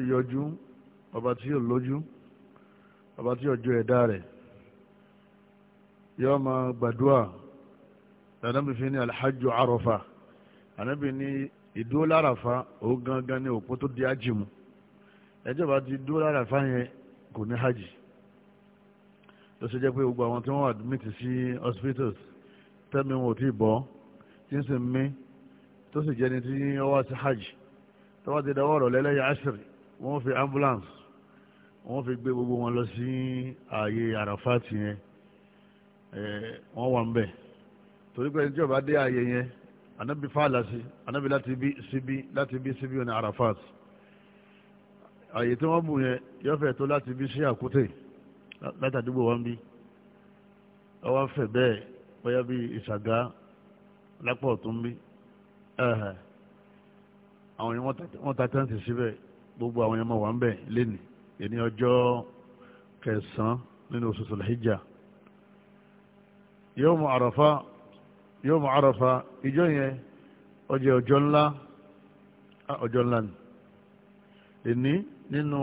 yọjú ọba tí yóò lójú ọba tí ọjọ́ ẹ̀dá rẹ̀ yọ máa gbàdúrà lànàbí fi ní alhajju arọfa ànábì ní ìdúró láràfa òun gangan ní òpó tó di ájìmù ẹjọ́ bá ti dúró láràfa yẹn kò ní hajj ló ṣe jẹ́ pé gbogbo àwọn tí wọ́n admit sí hospitals tẹ́mi wọn ò tí ì bọ́ tí ń sìn mí tó sì jẹ́ni tí wọ́n wá sí hajj tó ti dáwọ́ ọ̀rọ̀ lẹ́lẹ́yà àṣírí wọ́n fi ambulance wọ́n fi gbé gbogbo wọn lọ sí ààyè àràfáàtì yẹn wọ́n wà ń bẹ̀ torí pé ìjọba dé ààyè yẹn anabi fàlà sí anabi láti bí síbí láti bí síbí ní àràfáàtì ààyè tí wọ́n bù yẹn yọ fẹ́ tó láti bí sí àkútè látàdúgbò wọn bí ọwọ́ fẹ̀ bẹ́ẹ̀ bóyá bí ìṣàgá lápò ọ̀tún bí àwọn yẹn wọ́n ta tẹ́ǹtì síbẹ̀ gbogbo àwọn ẹmọ wà ń bẹ̀ lẹ́nì ẹni ọjọ́ kẹsàn-án nínú oṣù sọlẹ́jà yóò mọ àràfà yóò mọ àràfà ìjọ yẹn ọjọ́ ọjọ́ ńlá ọjọ́ ńlá ni ẹni nínú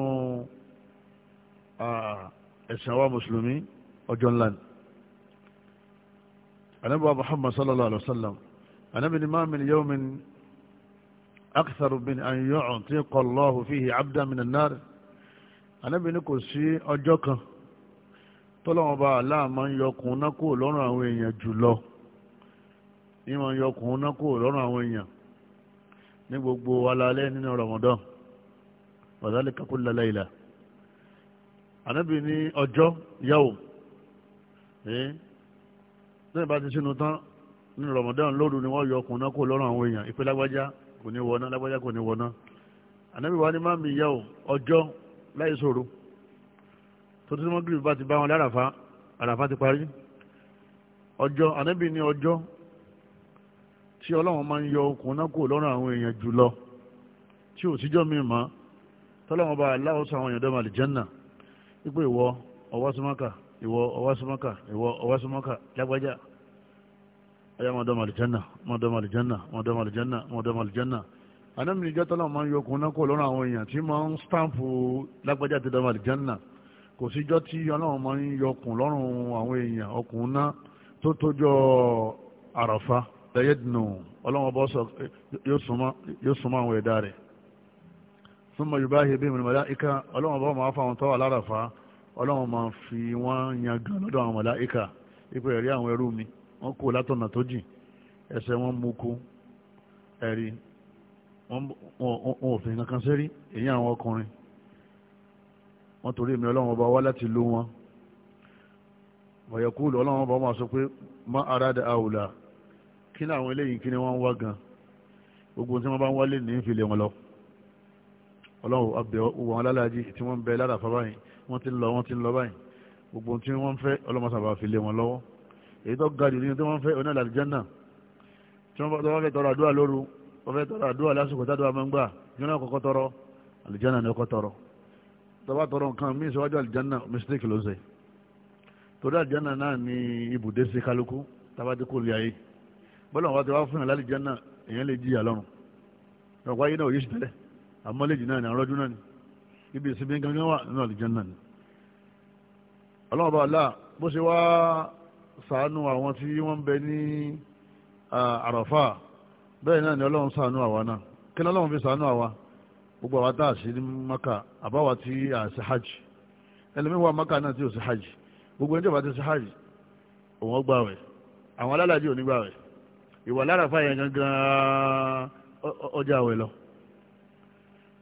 ẹ̀sìn àwa mùsùlùmí ọjọ́ ńlá ni anábọ̀ muhammad sallallahu alaihi wa sallam anábìnrin máa mi ni yóò mi ni. أكثر من أن yu'tiqa الله فيه عبدا من النار أنا anábì ní kò sí ọjọ́ kan tọ́lọ́wọ́n bá aláà máa ń yọkùn náà kúrò lọ́rùn àwọn èèyàn jùlọ ní máa ń yọkùn náà kúrò lọ́rùn àwọn èèyàn ní gbogbo alalẹ́ nínú Ramadan wa dhalika kulla layla anábì ní ọjọ́ yàwó ẹ́ lẹ́yìn bá ti sínú tán nínú Ramadan lóru ni wọ́n yọkùn náà kúrò lọ́rùn àwọn èèyàn ìpínlẹ̀ agbájá kò ní wọná lágbájá kò ní wọná ànábì wa ni má mi yá o ọjọ́ láì ṣòro tó tí wọ́n gírí bá ti bá wọn láràfá àràfá ti parí ọjọ́ ànábì ní ọjọ́ tí ọlọ́run máa ń yọ okùn náà kúrò lọ́rùn àwọn èèyàn jùlọ tí ò síjọ́ mi mọ́ tọ́lọ́run bá aláwọ̀ sọ àwọn èèyàn dọ́mọ àlìjẹ́nà wípé ìwọ ọwọ́ súnmọ́kà ìwọ ọwọ́ súnmọ́kà ìwọ ọwọ́ súnmọ́kà lágbájá ẹ̀yà máa dọ́mọ àlìjánà máa dọ́mọ àlìjánà máa dọ́mọ àlìjánà máa dọ́mọ àlìjánà anamí ìjọ tọ́lá máa ń yọ okùn náà kó lọ́rùn àwọn èèyàn tí máa ń stampu lágbájá ti dọ́mọ àlìjánà kò síjọ́ tí ọlọ́run máa ń yọ okùn lọ́rùn àwọn èèyàn okùn náà tó tójọ́ àràfà lẹ́yẹ̀dùnú ọlọ́run ọba sọ yóò súnmọ́ àwọn ẹ̀dá rẹ̀ súnmọ́ yorùbá ṣe bí mọ̀lẹ́mọ̀lá ìka ọlọ́run ọba máa fa àwọn tọ́wà láràfà ọlọ́run máa fi wọ́n yan gan lọ́dọ̀ àwọn mọ̀lá ìka ipò ẹ̀rí àwọn ẹrú mi wọ́n kó látọ̀nà tó jìn ẹsẹ̀ wọn mú kú ẹ̀rí wọn ò fi kankan sẹ́rí èyí àwọn ọkùnrin wọ́n torí èmi ọlọ́run ọba wá láti lú wọn bọ̀yẹ̀kú lọ ọlọ́run ọba máa sọ pé má aráda àwùlà kí ni àwọn eléyìí kí ni wọ́n ń wá gan gbogbo tí wọ́n bá ń wálé ní ìfìlẹ̀ wọn lọ ọlọ́run abẹ wọn alálàájì tí wọ́n ń bẹ ládàfà báyìí wọ́n ti ń lọ wọ́n ti ń lọ báyìí gbogbo tí wọ́n ń fẹ́ ọlọ́mọ èyí tó ga jù nínú tí wọ́n fẹ́ oní àlùjánnà tí wọ́n fẹ́ tọrọ àdúrà lóru wọ́n fẹ́ tọrọ àdúrà lásìkò tádùá máa ń gbà yóò náà kọ́kọ́ tọrọ àlùjánnà ni ọkọ́ tọrọ tọ́ba tọrọ nǹkan mí síwájú àlùjánnà mistake ló ṣe torí àlùjánnà náà ni ibùdé sí kálukú tába ti kó lè ayé bọ́lá wọn ti wá fún àlùjánnà èèyàn lè jìyà lọ́rùn ọ̀pọ̀ ayé náà òye sì tẹ́lẹ̀ àmọ́lẹ́jì náà ni ibi ìsinmi gangan wà nínú àlùjánnà ni ọlọ́run bá wà láà bó ṣàánú àwọn tí wọ́n ń bẹ ní àràfà bẹ́ẹ̀ náà ni ọlọ́run ṣàánú àwa náà kí ni ọlọ́run fi ṣàánú àwa gbogbo àwa tá a ṣe ní maka àbáwa tí a ṣe hajj ẹlẹ́mìí wà maka náà tí ò ṣe hajj gbogbo ẹni tí ò bá ti ṣe hajj òun ó gbààwẹ̀ àwọn alálàájì ò ní gbààwẹ̀ ìwà láràfà yẹn gangan ọjà àwẹ̀ lọ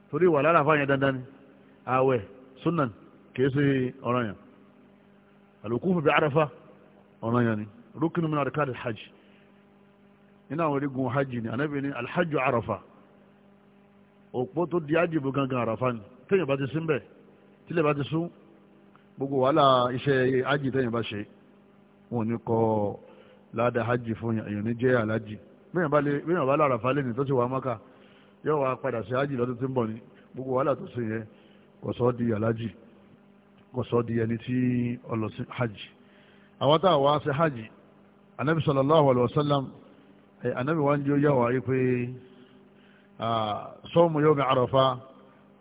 torí ìwà láràfà yẹn dandan ni àwẹ̀ sunan kìí ṣe ọ̀ranyàn àlòkù fún bí àràfà ọ̀ràn yẹn ni rukunu min arkan alhajj nínú àwọn orígun hajj ni anabi ni alhajj arafa òpó tó di ájìbò gangan arafa ni téèyàn bá ti sí mbẹ tílẹ̀ bá ti sún gbogbo wàhálà iṣẹ́ hajj téèyàn bá ṣe wọn ni kọ́ láda hajj fún èèyàn ní jẹ́ alájì bẹ́ẹ̀ bá lárafa lé ní tó ti wà mọ́ka yóò wá padà sí hajj lọ́dún tí ń bọ̀ ni gbogbo wàhálà tó sì yẹ kò sọ di alájì kò sọ di ẹni tí ó lọ sí hajj. àwọn a wá sí hajj anabi sallallahu alayhi wa sallam anabi wa ń yawa ikwe a yí pé mi àràfà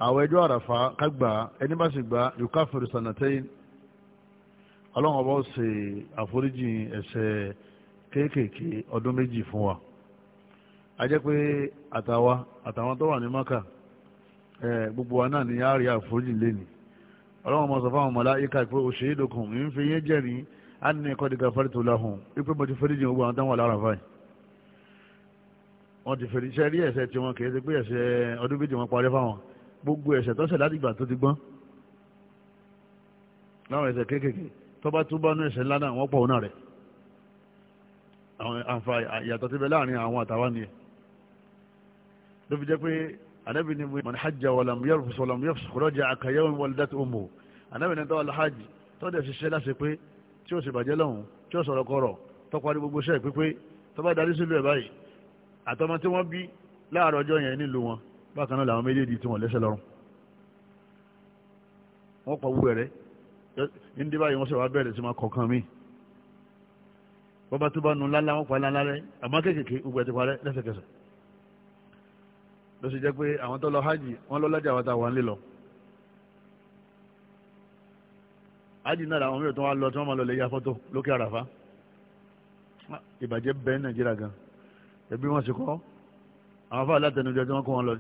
àwọn ẹjọ́ àràfà kágbà ẹni bá sì gbà yukafiru sanatayn ọlọ́run ọba ó ṣe àforíjì kekeke wa a jẹ́ pé atawa àtàwọn tó wà maka gbogbo wa náà ni a rí àforíjì leni ọlọ́run ọmọ sọ fáwọn pé á ní ẹ̀kọ́ dìgbà fẹ́rẹ́ tó láhùn wípé mo ti fẹ́rẹ́ jìn gbogbo àwọn táwọn alára fáì wọ́n ti fẹ́rẹ́ iṣẹ́ rí ẹ̀ṣẹ̀ tí wọn kì í ṣe pé ẹ̀ṣẹ̀ ọdún méjì wọn parí fáwọn gbogbo ẹ̀ṣẹ̀ tọ́ṣẹ̀ láti ìgbà tó ti gbọ́n láwọn ẹ̀ṣẹ̀ kéékèèké tọ́ba tó bá nú ẹ̀ṣẹ̀ ńlá náà wọ́n pọ̀ òun rẹ̀ àwọn àǹfààní ìyàtọ̀ ti bẹ láàrin àwọn àtàwọn nìyẹn ló fi jẹ́ pé anabi ni man hajja walam yarfus walam yafsuq raja'a ka yawmi walidat ummuhu anabi ni tọ́wọ́ alhaji tọ́wọ́ dẹ̀ ṣiṣẹ́ láṣẹ pé tí ó sì bàjẹ́ lọ́hùn tí ó sọ̀rọ̀ kọ̀rọ̀ tọ́parí gbogbo iṣẹ́ pípé tó bá darí sílùú ẹ̀ báyìí àtọmọ tí wọ́n bí láàárọ̀ ọjọ́ yẹn nílùú wọn bákan náà làwọn méjèèjì tí wọ́n lẹ́sẹ̀ lọ́rùn wọ́n pa wúwẹ̀ rẹ̀ ndí báyìí wọ́n sì wá bẹ̀rẹ̀ sí máa kọ̀ọ̀kan mi bọ́bá tó bá nu ńláńlá wọ́n pa ńláńlá rẹ̀ àmọ́ kéékèèké gbogbo ẹ̀ ti parẹ́ lẹ́sẹ̀kẹsẹ̀ ló sì jẹ́ pé àwọn tó lọ hajj wọ́n lọ lájà àwọn táwọn ń lọ ájì náà làwọn mìíràn tó wá lọ tí wọ́n máa lọ lè ya fọ́tò lókè àràfá ah, ìbàjẹ́ bẹ́ẹ̀ nàìjíríà gan ẹbí wọn sì kọ́ àwọn afá alátẹnudẹ tí wọ́n kó wọn lọ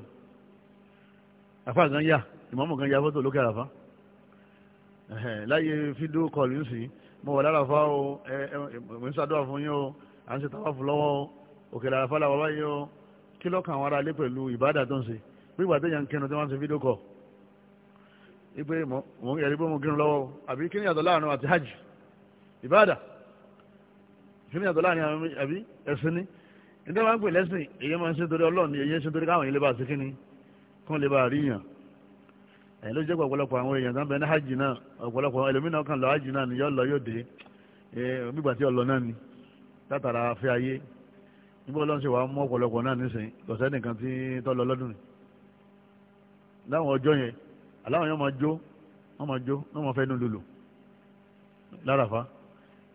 afá gan yà ìmọ̀mù gan ya fọ́tò lókè àràfá láyé fídíò kọlù ń sìn mo wà lára o ẹ ẹ mo ń ṣàdúrà fún yín o à ń ṣe tàwa fún lọ́wọ́ o òkèlè àràfá làwọn báyìí o kí lọ́kàn àwọn ará ilé pẹ̀lú ìbádà tó ń ṣe bí ìgbà téèyàn kẹnu tí wọ́n ń ṣe fídíò kọlù ipe mo ẹ̀rí pé mo gírun lọ́wọ́ àbí kí ni yàtọ̀ láàrin àti hajj ìbáàdà kí ni yàtọ̀ láàrin àbí ẹ̀sìn ni nígbà máa ń pè lẹ́sìn èyí máa ń ṣe torí ọlọ́ọ̀ni èyí ń ṣe torí káwọn yìí lè bá ṣe kí ni kán lè bá rí yàn ẹ̀yìn ló jẹ́ pé ọ̀pọ̀lọpọ̀ àwọn èèyàn tán bẹ ní hajj náà ọ̀pọ̀lọpọ̀ ẹlòmínà kan lọ hajj náà ni yóò lọ yóò dé gbígbà tí ọlọ náà ni látara afẹ́ ayé nígbà ọlọ́run ṣe wàá mú ọ̀pọ̀lọpọ̀ náà nísìnyí lọ́sẹ̀ tí tọ́ lọ lọ́dún ni láwọn ọjọ́ yẹn aláwọn yóò máa jó wọ́n máa jó wọ́n máa fẹ́ inú lulu láràfá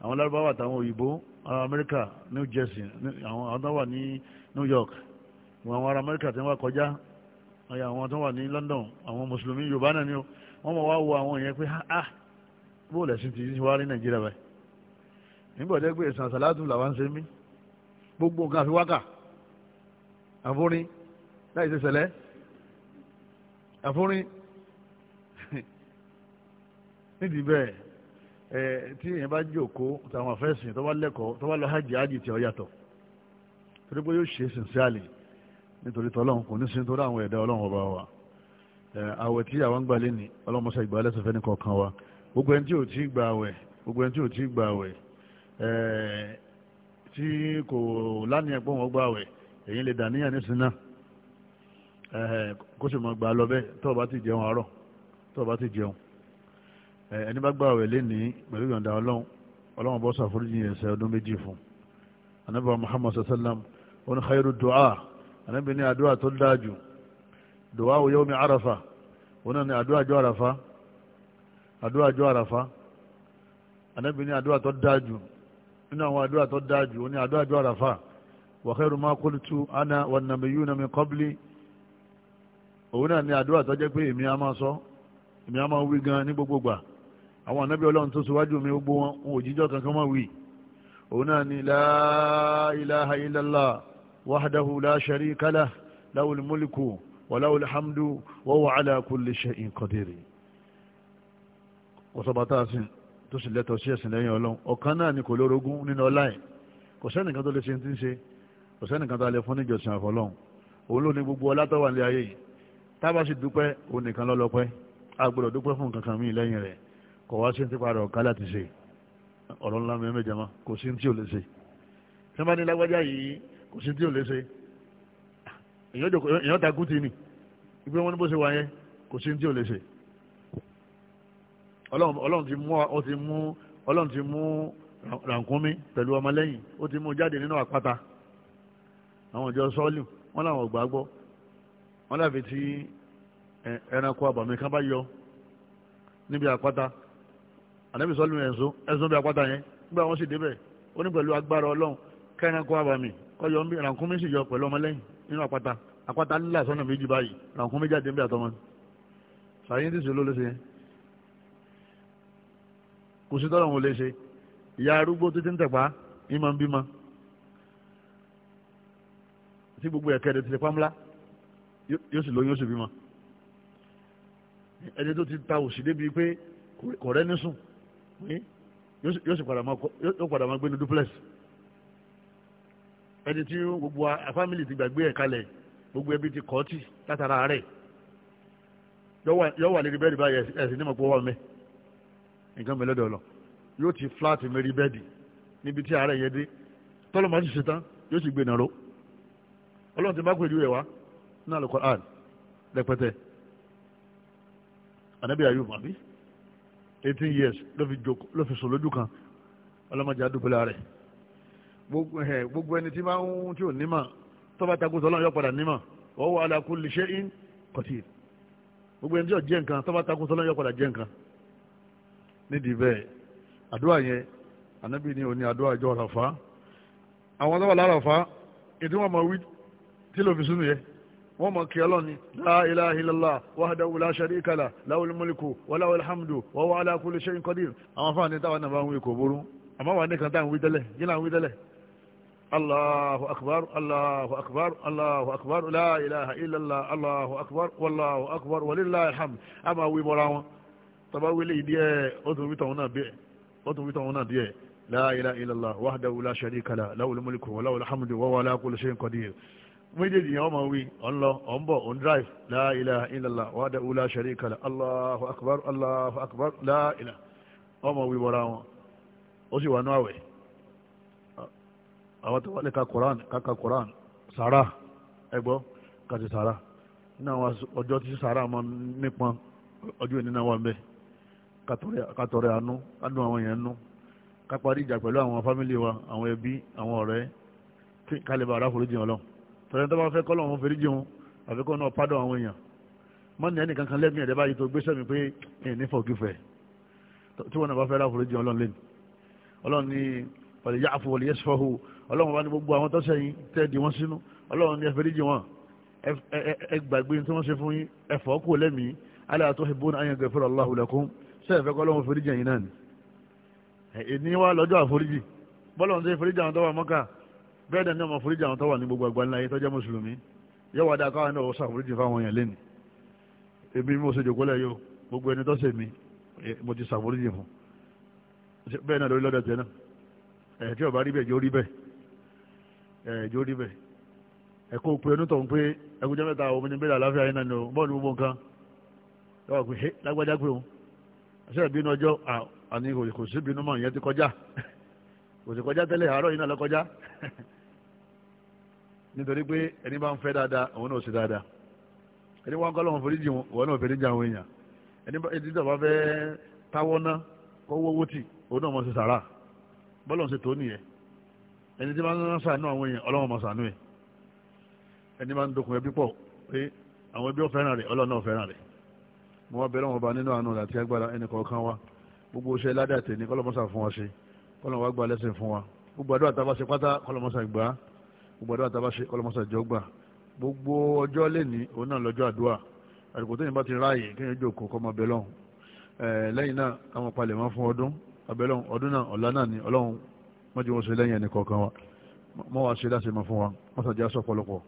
àwọn lárúbáwá àtàwọn òyìnbó ará amẹ́ríkà new jersey àwọn tó wà ní new york àwọn ará amẹ́ríkà tí wọ́n wá kọjá àwọn tó wà ní london àwọn mùsùlùmí yorùbá náà ni wọ́n máa wá wo àwọn yẹn pé ah, ah bó lẹ̀sìn ti wá rí nàìjíríà báyìí nígbàdé pé ìsàn àsàlátù làwọn ṣe mí gbogbo nǹkan àfi wákà àfúnrin láì ṣe ṣẹlẹ̀ àfúnrin nídìí bẹ́ẹ̀ ẹ tí èèyàn bá jókòó tàwọn afẹ́sìn tó bá lẹ́kọ̀ọ́ tó bá lọ hajj hajj tí ó yàtọ̀ torí pé yóò ṣe sincerely nítorí tọ́lọ́hún kò ní sin torí àwọn ẹ̀dá ọlọ́run ọba wa àwẹ̀ tí àwọn gbà lé ní ọlọ́mọṣẹ́ ìgbà lẹ́sẹ̀fẹ́ ní kọ̀ọ̀kan wa gbogbo ẹni tí ò tí gba àwẹ̀ gbogbo ẹni tí ò tí gba àwẹ̀ tí kò lánìyàn pé wọ́n gba àwẹ̀ èyí lè dàníyàn nísìn náà kó sì mọ̀ gbà lọ bẹ́ẹ̀ tó bá ti jẹun àárọ̀ tó bá ti jẹun ẹni bá gbà wẹ̀ lẹ́ni pẹ̀lú yọ̀ǹda ọlọ́run ọlọ́run bọ́ sàforíjì ẹ̀ṣẹ̀ ọdún méjì fún anábì muhammad sallam oní khairu du'a anábì ní àdúrà tó dájú du'a yawmi arafa oní ní adua jo arafa adua jo arafa anábì ní àdúrà tó dájú nínú àwọn àdúrà tó dájú oní àdúrà jọ arafa wa khairu ma qultu ana wan nabiyyuna min qabli òun náà ní àdúrà tó jẹ́ pé èmi á máa sọ èmi á máa wí gan ní gbogbo àwọn ànábì ọlọ́run tó síwájú mi gbogbo wọn wọn ò jíjọ́ kankan mọ́ wí òun náà ni la ilaha illallah wahdahu la sharika lah lahul mulku wa lahul hamdu wa huwa ala kulli shay'in qadir ọ̀sọ̀bàtà sí tó sì lẹ́tọ̀ sí ẹ̀sìn lẹ́yìn ọlọ́run ọ̀kan náà ni kò lórogún nínú ọlá ẹ̀ kò sẹ́nìkan tó lè ṣe ti ń ṣe kò sẹ́nìkan tó lè fún níjọsìn àfọlọ́run kò wá sí ti parọ́ ọ̀ká láti ṣe ọ̀rọ̀ ńlá mi mẹ́jọ mọ́ kò sí tí ò lè ṣe tí bá ní lágbájá yìí kò sí tí ò lè ṣe èèyàn ta gúti ni ibi wọn ní bó ṣe wà yẹn kò sí tí ò lè ṣe ọlọ́run ti mú ọ ti mú ọlọ́run ti mú rànkúnmí pẹ̀lú ọmọlẹ́yìn ó ti mú jáde nínú àpáta àwọn ìjọ sọ́ọ̀lù wọn làwọn ò gbàgbọ́ wọn láfi tí ẹranko àbàmì kan bá yọ níbi àpáta ànábì sọ́lù ẹ̀sùn ẹ̀sùn bí apáta yẹn nígbà wọn sì débẹ̀ ó ní pẹ̀lú agbára ọlọ́run kẹ́rin kọ́ àbàmì kọ́yọ̀ ń bí rànkúnmí sì yọ pẹ̀lú ọmọlẹ́yìn nínú àpáta àpáta lílà sọ́nà méjì báyìí rànkúnmí jáde ń bí àtọmọ sàyẹ́ntìsì ló ló ṣe yẹn kò sí tọ́lọ̀ wọn lè ṣe ìyá arúgbó títí ń tẹ̀pá ní máa ń bímọ tí gbogbo ẹ̀kẹ́rẹ́ ti tẹ̀pá ńlá yóò sì lóyún yóò sì bímọ ẹni tó ti ta òsì débi pé kò rẹ́ ní sùn Hm? yóò yosi padà máa gbé ní duplex ẹni tí gbogbo àfámìlì ti gbàgbé ẹ̀ kalẹ̀ gbogbo ẹbí ti kọ́ tì látara rẹ̀ yóò wà lérí bẹ́ẹ̀dì báyìí ẹ̀sìn ní pé wọ́n mẹ́ nǹkan mẹ́lẹ́ dọ̀lọ́ yóò ti flat mẹ́rí bẹ́ẹ̀dì níbi tí àárẹ̀ yẹ dé tọ́lọ́ máa ti ṣe tán yóò gbé nàró ọlọ́run ti bá pè ẹ̀ wá náà lọ́kọ̀ lẹ́pẹ́tẹ́ eighteen years ló fi sùn lójú kan ọlọ́mọdé adúpẹ́lá rẹ̀ eh, gbogbo ẹni tí máa ń tí ò nímọ̀ tọ́ba takun sọ́lọ́run yóò padà nímọ̀ wọ́n wà ala kulli shay'in qatir gbogbo ẹni tí ò jẹ́ nǹkan tọ́ba takun sọ́lọ́run yóò padà jẹ́ nǹkan nídìí bẹ́ẹ̀ àdúrà yẹn ànábì ni òní àdúrà ìjọ Àràfá àwọn tó wà lára Àràfá ètò wọn máa wí tí ló fi sínú yẹn wọ́n mọ̀ kí ọlọ́ni la ilaha illallah wahdahu la sharika lah lahul mulku wa lahul hamdu wa huwa ala kulli shay'in qadir àwọn afáà ní táwọn nàbà ń wí kò burú àmọ́ wà nìkan táwọn wí tẹ́lẹ̀ yìí láwọn wí tẹ́lẹ̀ allahu akbar allahu akbar allahu akbar la ilaha illallah allahu akbar wallahu akbar walillahi alhamd a máa wí mọ́ra wọn tọba wílé ìdí ẹ̀ ó tún wí tọ̀hún náà díẹ̀ la ilaha illallah wahdahu la sharika lah lahul mulku wa lahul hamdu wa huwa ala kulli shay'in qadir méjèèjì yẹn wọ́n máa wí ọ̀n lọ ọ̀n bọ̀ ọ̀n drive la ilaha illallah wahdahu la sharika lah allahu akbar allahu akbar la ilaha wọ́n máa wí wọ́ra wọn ó sì wà ní àwẹ̀ àwọn tó wà ní kaka koran sàrà ẹgbọ́ kàti sàrà nínú àwọn ọjọ́ tí sàrà máa nípọn ọjọ́ ìnínà wà mẹ́ kàtọ̀rẹ̀ àánú adùn àwọn èèyàn nú kápárí ìjà pẹ̀lú àwọn fámìlì wa àwọn ẹbí àwọn ọ̀rẹ́ kálíbà aráforíjì ọlọ́run tọ́lẹ́ni tó bá fẹ́ kọ́lọ̀ wọn fèrèjì wọn àfi kọ́ náà pádọ̀ àwọn èèyàn má ní ẹnìkan kan lẹ́mìí ẹ̀dẹ́ báyìí tó gbéṣẹ́ mi pé ẹ̀ ní fọ̀gífẹ̀ tí wọn náà bá fẹ́ rà fèrèjì ọlọ́run lẹ́nu ọlọ́run ní wàlẹ̀ yá àfọwọ́lì yẹ́sì ọlọ́run bá ní gbogbo àwọn tọ́sẹ̀ yín tẹ́ di wọ́n sínú ọlọ́run ní ẹ fèrèjì wọn ṣe fèrèjì àwọn tó wà mọ́kà bẹ́ẹ̀ náà ní ọmọ foríjì àwọn tó wà ní gbogbo àgbáńlá ayé tó jẹ́ mùsùlùmí yẹ́wà dáa káwọn náà wọ́n sàforíjì fáwọn èèyàn lẹ́nu èmi mo ṣe jòkólẹ̀ yóò gbogbo ẹni tó ṣe mi mo ti sàforíjì fún bẹ́ẹ̀ náà lórí lọ́dọ̀ tẹ́ náà ẹ̀ tí ọba rí bẹ́ẹ̀ jó rí bẹ́ẹ̀ ẹ̀ jó rí bẹ́ẹ̀ ẹ̀ kó pe onítọ̀ ń pé ẹkúnjẹ́ mẹ́ta omi ní bẹ́ẹ̀ kò sí ìbínú mọ̀ ìyẹn ti kọjá kò sì kọjá tẹ́lẹ̀ àárọ̀ yín náà lọ kọjá nítorí pé ẹni bá ń fẹ́ dáadáa òun náà ṣe dáadáa ẹni wọn kọ́ lọ́wọ́ foríjì wọn náà fẹ́ẹ́ díjà àwọn èèyàn ẹni ẹni tó bá fẹ́ táwọ́ ná kó wọ́wọ́ tì òun náà mọ̀ ṣe sàrà bọ́lọ̀ ń ṣe tó nìyẹn ẹni tí máa ń sànú àwọn èèyàn ọlọ́wọ́n máa sànú ẹ̀ ẹni máa ń dokùn ẹbí pọ̀ pé àwọn ẹbí ọ̀fẹ́ràn rẹ̀ ọlọ́run náà fẹ́ràn rẹ̀ mo wá bẹ̀rẹ̀ wọn bá nínú àánú àti agbára ẹnì kọ̀ọ̀kan wa gbogbo iṣẹ́ ládàá tèmi kọ́lọ́mọ́sà fún wa ṣe kọ́lọ́mọ́ gba lẹ́sìn fún wa gbogbo àdúrà tá a bá ṣe pátá kọ́lọ́mọ́sà gbà á gbogbo àdúrà tá a bá ṣe kọlọmọsà jọgbà gbogbo ọjọ́ lẹ́ni òun náà lọ́jọ́ àdúrà àdìgbò tó yẹn bá ti ráàyè kí yẹn jòkó kọ́ ọmọ abẹ́ lọ́hùn lẹ́yìn náà àwọn palẹ̀ mọ́ fún ọdún abẹ́ lọ́hùn ọdún náà ọ̀la náà ni ọlọ́hun wọ́n ti wọ́n ṣe lẹ́yìn ẹnì kọ̀ọ̀kan wa mọ́ wa ṣe láṣẹ mọ́ fún wa wọ́n sàjẹ́ aṣọ ọ̀pọ̀lọpọ̀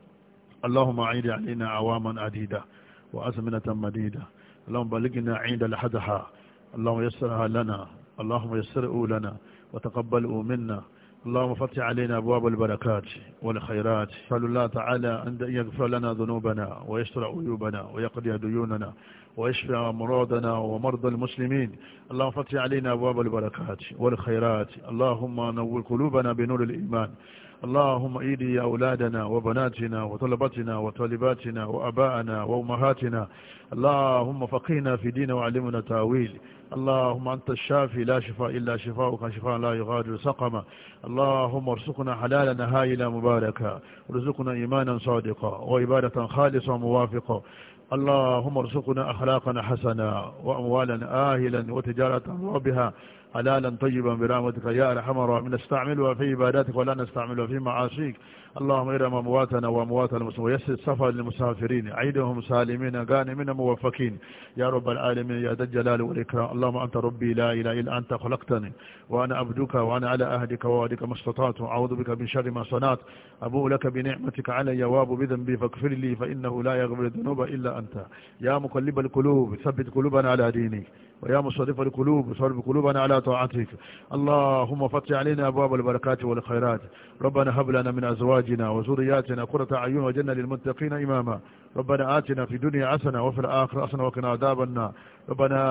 allahumma اللهم فتح علينا أبواب البركات والخيرات صلى الله تعالى أن يغفر لنا ذنوبنا ويستر عيوبنا ويقضي ديوننا ويشفي مرادنا ومرضى المسلمين اللهم فتح علينا أبواب البركات والخيرات اللهم نور قلوبنا بنور الإيمان اللهم إيدي أولادنا وبناتنا وطلبتنا وطالباتنا وأباءنا وأمهاتنا اللهم فقينا في دين وعلمنا تاويل اللهم أنت الشافي لا شفاء إلا شفاءك شفاء لا يغادر سقما اللهم ارزقنا حلالنا هائلا مباركا ارزقنا إيمانا صادقا وعبادة خالصة موافقة اللهم ارزقنا أخلاقنا حسنا وأموالا آهلا وتجارة رابها حلالا طيبا برحمتك يا أرحم الراحمين نستعملها في عباداتك ولا نستعملها في معاصيك اللهم إرم أمواتنا وأموات المسلمين ويسر السفر للمسافرين عيدهم سالمين غانمين موفقين يا رب العالمين يا ذا الجلال والإكرام اللهم أنت ربي لا إله إلا أنت خلقتني وأنا عبدك وأنا على عهدك ووعدك ما استطعت أعوذ بك من شر ما صنعت أبوء لك بنعمتك علي واب بذنبي فاغفر لي فإنه لا يغفر الذنوب إلا أنت يا مقلب القلوب ثبت قلوبنا على دينك ويا مصرف القلوب صرف قلوبنا على طاعتك اللهم فتح علينا أبواب البركات والخيرات ربنا هب لنا من أزواجنا وزرياتنا قرة أعين وجنة للمتقين إماما ربنا آتنا في الدنيا حسنة وفي الآخرة حسنة وقنا عذاب النار ربنا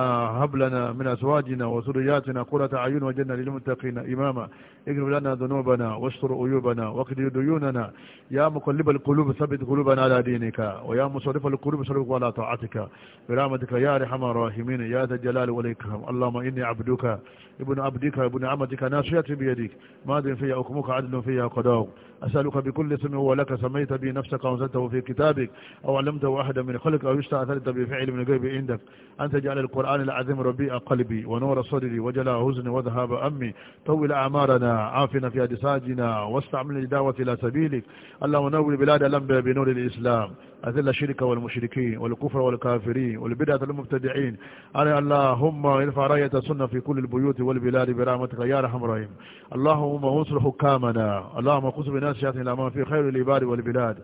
هب لنا من أزواجنا وذرياتنا قرة أعين وجنة للمتقين إماما اغفر لنا ذنوبنا واستر عيوبنا واقض ديوننا يا مقلب القلوب ثبت قلوبنا على دينك ويا مصرف القلوب صرف على طاعتك برحمتك يا أرحم الراحمين يا ذا الجلال والإكرام اللهم إني عبدك ابن عبدك ابن عمتك ناصيتي بيدك ماض في حكمك عدل في قضاؤك أسألك بكل اسم هو لك سميت به نفسك وأنزلته في كتابك أو علمت واحدا من خلق أو استعثرت بفعل من غيب عندك أن تجعل القرآن العظيم ربيع قلبي ونور صدري وجلاء هزني وذهاب أمي طول أعمارنا عافنا في أجسادنا واستعمل لدعوة إلى سبيلك اللهم نول بلاد الأنبياء بنور الإسلام أذل الشرك والمشركين والكفر والكافرين والبدعة المبتدعين أنا اللهم ارفع راية السنة في كل البيوت والبلاد برحمتك يا رحم رحيم اللهم انصر حكامنا اللهم قص بناس شاتنا الأمام في خير العباد والبلاد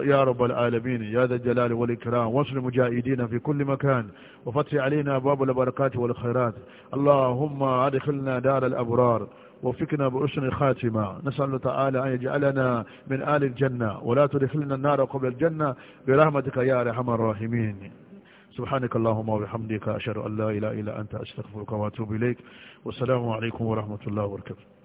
يا رب العالمين يا ذا الجلال والإكرام وانصر مجاهدين في كل مكان وفتح علينا باب البركات والخيرات اللهم أدخلنا دار الأبرار وفقنا بأسن خاتمة نسأل الله تعالى أن يجعلنا من آل الجنة ولا تدخلنا النار قبل الجنة برحمتك يا أرحم الراحمين سبحانك اللهم وبحمدك أشهد أن لا إله إلا أنت أستغفرك وأتوب إليك والسلام عليكم ورحمة الله وبركاته